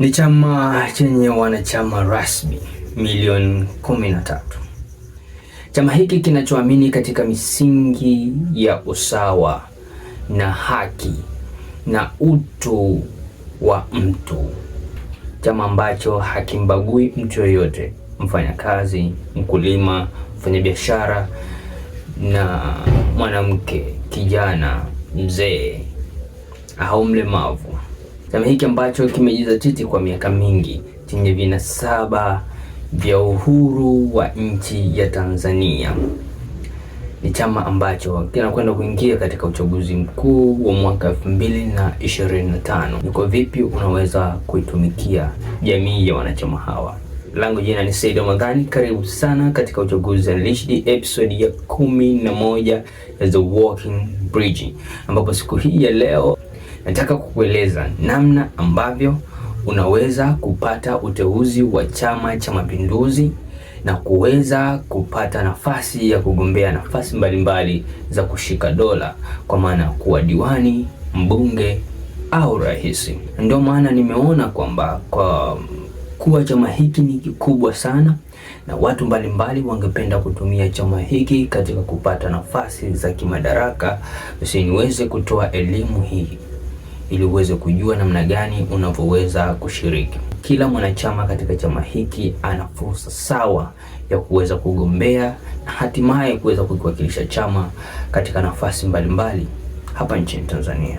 Ni chama chenye wanachama rasmi milioni kumi na tatu. Chama hiki kinachoamini katika misingi ya usawa na haki na utu wa mtu, chama ambacho hakimbagui mtu yoyote, mfanyakazi, mkulima, mfanyabiashara na mwanamke, kijana, mzee au mlemavu chama hiki ambacho kimejizatiti kwa miaka mingi chenye vinasaba vya uhuru wa nchi ya Tanzania ni chama ambacho kinakwenda kuingia katika uchaguzi mkuu wa mwaka elfu mbili na ishirini na tano. vipi unaweza kuitumikia jamii ya wanachama hawa? Langu jina ni Said Ramadhani, karibu sana katika Uchaguzi Unleashed episode ya kumi na moja ya The Walking Bridge, ambapo siku hii ya leo Nataka kukueleza namna ambavyo unaweza kupata uteuzi wa Chama cha Mapinduzi na kuweza kupata nafasi ya kugombea nafasi mbalimbali mbali za kushika dola, kwa maana kuwa diwani, mbunge au rais. Ndio maana nimeona kwamba kwa kuwa chama hiki ni kikubwa sana na watu mbalimbali wangependa kutumia chama hiki katika kupata nafasi za kimadaraka, basi niweze kutoa elimu hii ili uweze kujua namna gani unavyoweza kushiriki. Kila mwanachama katika chama hiki ana fursa sawa ya kuweza kugombea na hatimaye kuweza kukiwakilisha chama katika nafasi mbalimbali hapa nchini Tanzania.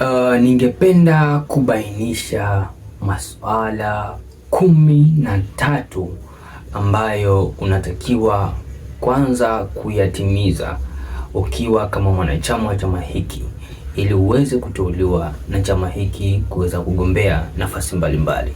Uh, ningependa kubainisha masuala kumi na tatu ambayo unatakiwa kwanza kuyatimiza ukiwa kama mwanachama wa chama hiki ili uweze kuteuliwa na chama hiki kuweza kugombea nafasi mbalimbali.